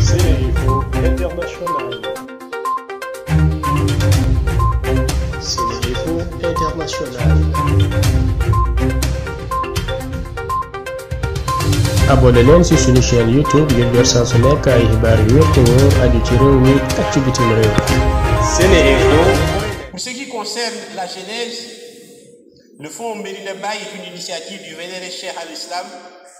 Sénéinfo International. Sénéinfo International. abonné leen ci suñu chaîne YouTube ngir jot saa su nekk ay xibaar yu wér te wóor aju ci réew mi ak ci bitim réew. Sénéinfo. Pour ce qui concerne la Genèse, le fonds Médina Baye est une initiative du vénéré Cheikh Al Islam.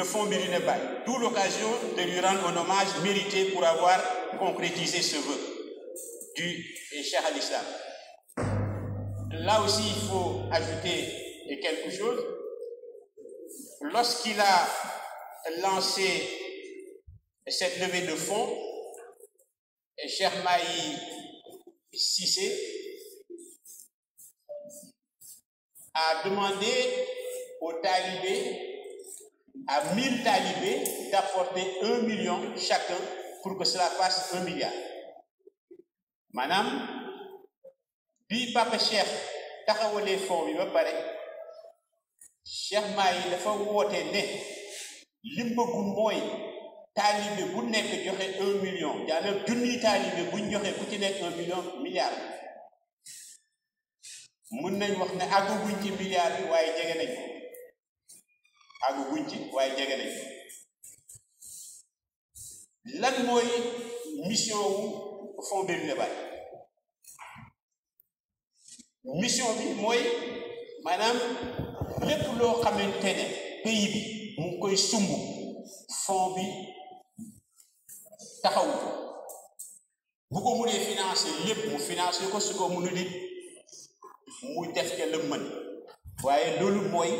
le fonds Médina Baye. D'où l'occasion de lui rendre un hommage mérité pour avoir concrétisé ce vœu du Cheikh al Là aussi, il faut ajouter quelque chose. Lorsqu'il a lancé cette levée de fonds, Cheikh Maï a demandé aux talibés à 1000 talibés d'apporter 1 million chacun pour que cela fasse milliard maanaam bi Papa Cheikh taxawalee fond bi ba pare Cheikh maa yi dafa woote ne li mu bëgg mooy taalibe bu nekk joxe 1 million daanaka junniy taalibe buñ joxe ku ci nekk 1 million milliard mun nañ wax ne àggaguñ ci milliard waaye jege nañ àggu guñ ci waaye jege nañ lan mooy mission wu fond Médina Baye mission bi mooy maanaam lépp loo xamante ne pays bi mu koy sumb fond bi taxawu bu ko mënee financé lépp mu financé ko su ko mënul it muy def ca la mën waaye loolu mooy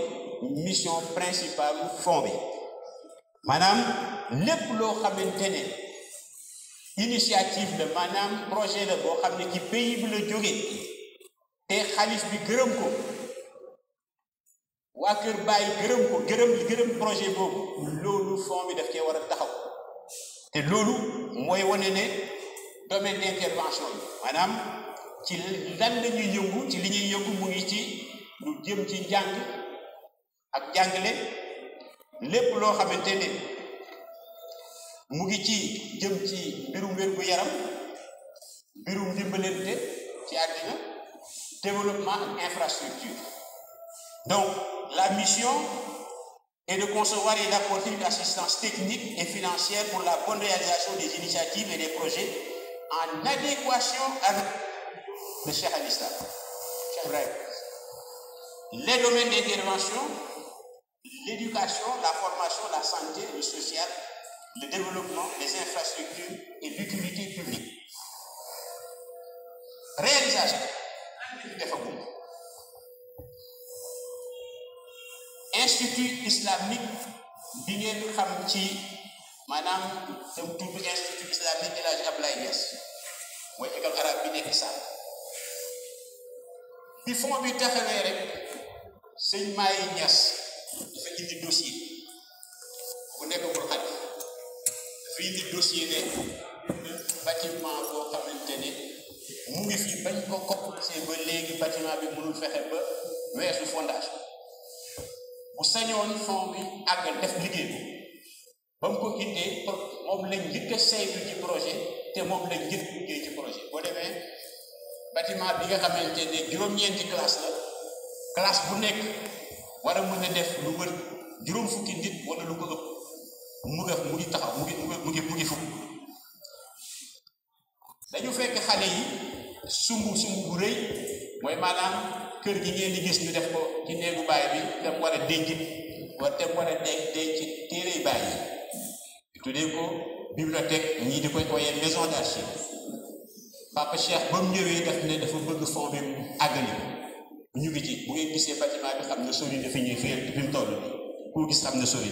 mission principale fond bi maanaam lépp loo xamante ne initiative la maanaam projet la boo xam ne ci pays bi la jóge te xaalis bi gërëm ko waa Kër Baay gërëm ko gërëm gërëm projet boobu loolu fond bi daf cee war a taxaw te loolu mooy wane ne domaine d'intervention bi maanaam ci lan la ñuy yëngu ci li ñuy yëngu mu ngi ci lu jëm ci njàng ak jàngale lépp loo xamante ne mu ngi ci jëm ci mbirum wér-gu-yaram mbirum ndimbalante ci àddina développement infrastructure donc la mission est de concevoir et d'apporter assistance technique et financière pour la bonne réalisation des initiatives et des projets en adéquation avec le Cheikh al-Islam. Les domaines d'intervention l'éducation, la formation, la santé, le social, le développement, les infrastructures et l'utilité publique. Réalisation. Institut islamique bi ngeen xam ci maanaam dem tudd institut islamique El Hadj Abdoulaye Niass mooy école arabe bi sax bi fond bi taxawee rek sëñ Maye Niass indi bu nekk pour xaj dafay indi dossier ne bâtiment boo xamante ne mu ngi fi bañ ko complété ba léegi bâtiment bi mënul fexe ba weesu fondation bu sañoon fond bi àgg def liggéey bi ba mu ko indee moom lañ njëkk a saytu ci projet te moom lañ njëkk a liggéey ci projet boo demee bâtiment bi nga xamante ne juróom-ñeenti classe la classe bu nekk. war a mën def lu wër juróom fukki nit wala lu ko ëpp mu nga mu ngi taxaw mu ngi mu ngi mu ngi fukk dañu fekk xale rëy mooy maanaam kër gi ngeen di gis ñu def ko ci néegu baay bi dem war a déncit war dem war a denc denc baay yi tuddee ko bibliothèque ñii di koy ooyee maison d'archives Papa Cheikh ba mu ñëwee daf ne dafa bëgg fond bi àggali ko ñu ngi ci bu ngeen gisee bâtiment bi xam ne sori fi ñuy fi fi mu toll ku gis xam ne sori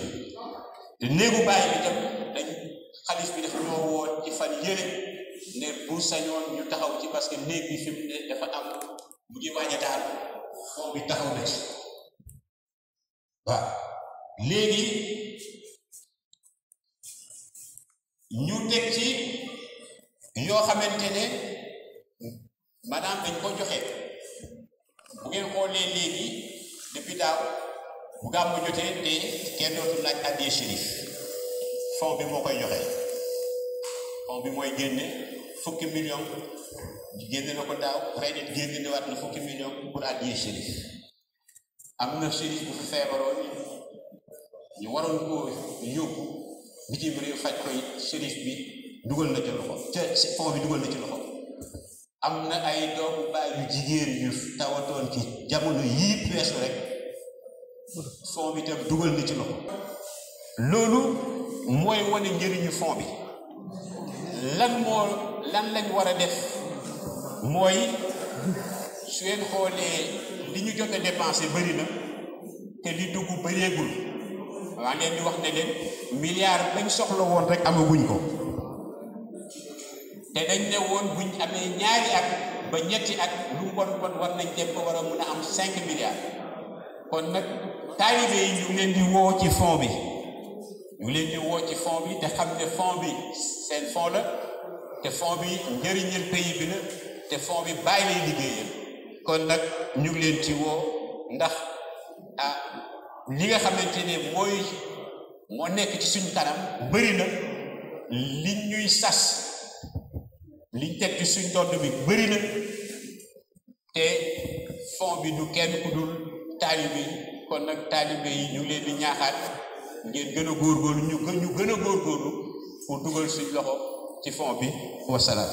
te néegu baay bi tam dañ xalif bi dafa ñoo woon ci fan yële ne bu sañoon ñu taxaw ci parce que néeg bi fi ne dafa am mu ngi waaj a bi taxaw na ci waaw léegi ñu teg ci yoo xamante ne maanaam dañ ko joxe bu ngeen xoolee léegi depuis daaw bu gàmmu jotee te kenn dootul laaj addiyee shérif fond bi moo koy joxe fond bi mooy génne fukki million génne na ko daaw xëy na génne na waat na fukki million pour addiyee shérif am na shérif bu fi feebaroon ñu waroon ko yóbbu bitim réew faj koy shérif bi dugal na ci loxo ca fond bi dugal na ci loxo am na ay doomu baay yu jigéen yu tawatoon ci jamono yii peesu rek fond bi tam dugal na ci loxo loolu mooy wane njëriñu fond bi lan moo lan lañ war def mooy su ngeen xoolee li ñu jot a dépensé bëri te li dugg bëreegul waa ngeen di wax ne leen milliard soxla woon rek amaguñ ko te dañ ne woon buñ amee ñaari at ba ñetti at lu bon bon war nañ dem ba war a mun a am cinq milliards kon nag taalibe ñu leen di woo ci fond bi ñu ngi leen di woo ci fond bi te xam ne fond bi seen fond la te fond bi njëriñal pays bi la te fond bi bàyyi lay liggéeyal kon nag ñu leen ci woo ndax ah li nga xamante ne mooy moo nekk ci suñu kanam bëri na li ñuy sas liñ teg ci suñ dodd bi bëri te fond bi du kenn ku dul taalibe yi kon nag taalibe yi ñu ngi leen di ñaaxaat ngeen gën góor góorgóorlu ñu gën ñu gën a góorgóorlu pour dugal suñ loxo ci fond bi wasalaam